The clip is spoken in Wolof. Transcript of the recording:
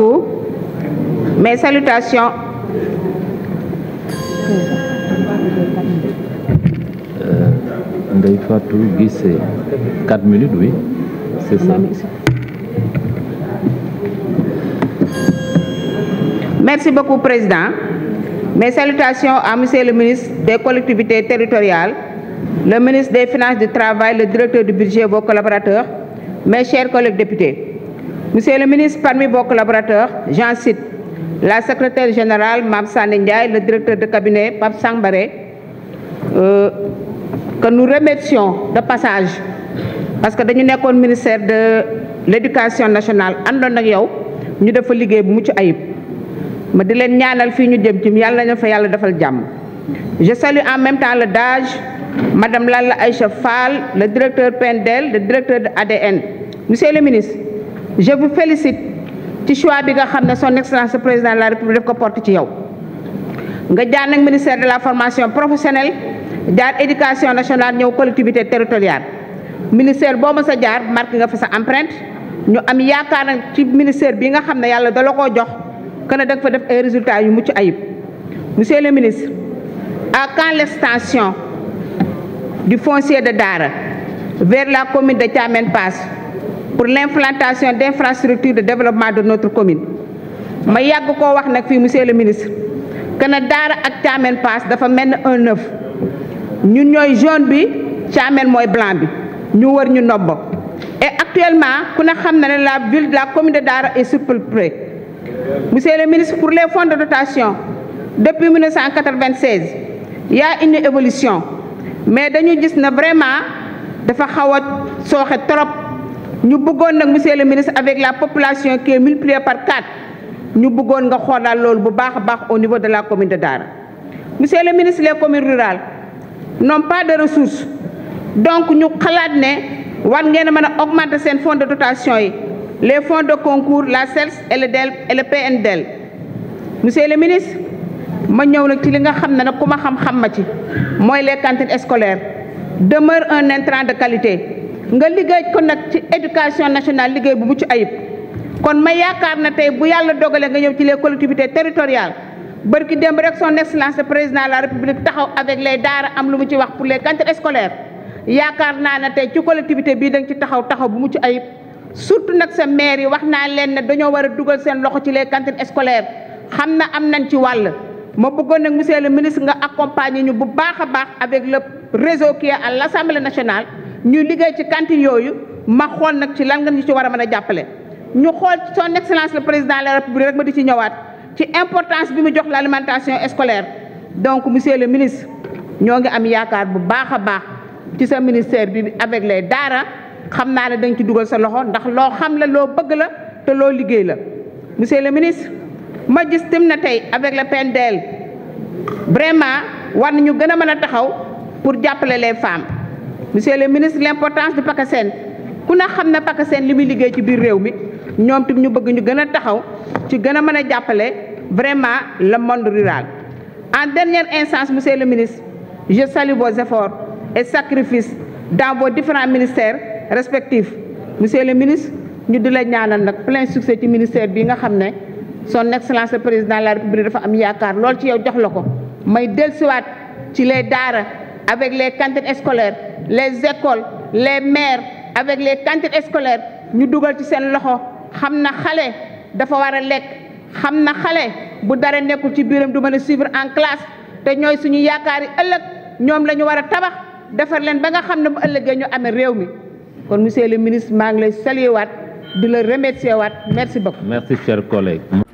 Mes salutations. Euh, minutes, oui, Merci beaucoup, Président. Mes salutations à Monsieur le ministre des collectivités territoriales, le ministre des Finances, du Travail, le directeur du budget, vos collaborateurs, mes chers collègues députés. Monsieur le ministre, parmi vos collaborateurs, j'en cite la secrétaire générale Mabsan Ndiaye, le directeur de cabinet Pape Baré, euh, que nous remercions de passage parce que nous sommes au ministère de l'éducation nationale nous yow Je salue en même temps le Daj, Madame Lalla Aïcha le directeur PNDEL, le directeur de ADN. Monsieur le ministre, je vous félicite ci choix bi nga son excellence président de la république def ko porte ci yow nga ministère de la formation professionnelle de éducation nationale la collectivité territoriale ministère de ma sa jaar marqué nga fa sa empreinte ñu am yaakaar nag ci ministère bi nga xamné ne da la ko jox Kena a da nga fa def ay résultats yu mucc ayib monsieur le ministre à quand l'extension du foncier de Dara vers la commune de Tiamen passe pour l'implantation d'infrastructures de développement de notre commune mais il koo wax nag fii monsieur le ministre que le Daara ak le Pass dafa mel un neuf. ñun sommes jaune bi Thiamène Nous blanc bi ñu wër ñu et actuellement ku ne xam la ville de la commune de et est surpeuplée monsieur le ministre pour les fonds de dotation depuis 1996 il y a une évolution mais nous gis na vraiment dafa xaw a trop. Nous voulons, monsieur le ministre avec la population qui est multipliée par quatre nous voulons nga xoolal loolu bu baax au niveau de la commune de Dara monsieur le ministre les communes rurales n'ont pas de ressources donc nous avons ne war ngeen augmenter fonds de dotation les fonds de concours la CELS et le et le PNDEL monsieur le ministre je ñëw nag ci li nga les cantines scolaires demeurent un intrant de qualité nga liggéey ko nag ci éducation nationale liggéey bu ci ayib kon ma yaakaar na tey bu yàlla dogalee nga ñëw ci les collectivités territoriales barki démb rek son excellence le président la république taxaw avec lay daara am lu mu ci wax pour les cantines scolaires yaakaar naa ne tey ci collectivité bii da nga ci taxaw taxaw bu mucc ayib surtout nag sa maire yi wax naa leen ne dañoo war a dugal seen loxo ci les cantines scolaires xam na am nañ ci wàll ma bëggoon nag monsieur le ministre nga accompagner ñu bu baax a baax avec le réseau qui est à l'Assemblée nationale ñu liggéey ci cantine yooyu ma xool nag ci lan nga ñu ci war a mën a jàppale ñu xool son excellence le président de la république rek ma di ci ñëwaat ci importance bi mu jox l'alimentation scolaire donc monsieur le ministre ñoo ngi am yaakaar bu baax a baax ci sa ministère bi avec les daara xam naa ne dañ ci dugal sa loxo ndax loo xam la loo bëgg la te loo liggéey la monsieur le ministre ma gis tim na tey avec le PNDL vraiment war nañu gën a mën a taxaw pour jàppale les femmes monsieur le ministre l'importance du Pakassane, ku na nous ne PACASEN liggéey ci biir réew mi ñoom nous ñu bëgg ñu gën taxaw ci gën vraiment le monde rural en dernière instance monsieur le ministre je salue vos efforts et sacrifices dans vos différents ministères respectifs monsieur le ministre nous di la ñaanal nag plein succès ci ministère bi nga son excellence le président de la république dafa am yaakaar lool ci yow jox la ko may dellusiwaat ci les daara avec les cantines scolaires les écoles les mères, avec les cantines scolaires ñu dugal ci seen loxo xam na xale dafa war a lekk xam na xale bu dara nekkul ci biiram du mën suivre en classe te ñooy suñu yaakaar yi ëllëg ñoom la ñu war a tabax defar leen ba nga xam ne bu ëllëgee ñu amee réew mi kon monsieur le ministre maa ngi lay saluer waat di la remercier waat merci beaucoup. merci cher collègue.